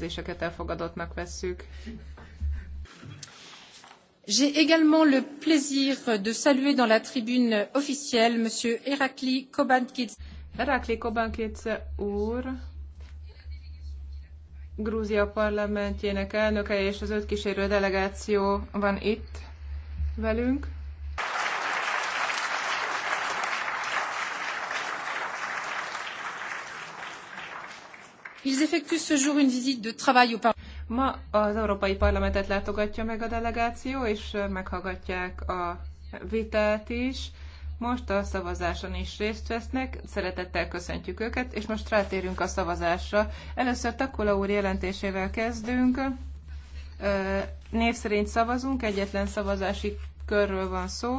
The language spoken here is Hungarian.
rendelkezéseket elfogadottnak vesszük. J'ai également le plaisir de saluer dans la tribune officielle Monsieur Herakli Kobankidze. Herakli Kobankidze úr, Grúzia parlamentjének elnöke és az öt kísérő delegáció van itt velünk. Ils effectuent ce jour une visite de travail au Ma az Európai Parlamentet látogatja meg a delegáció, és meghallgatják a vitát is. Most a szavazáson is részt vesznek, szeretettel köszöntjük őket, és most rátérünk a szavazásra. Először Takula úr jelentésével kezdünk. Név szerint szavazunk, egyetlen szavazási körről van szó.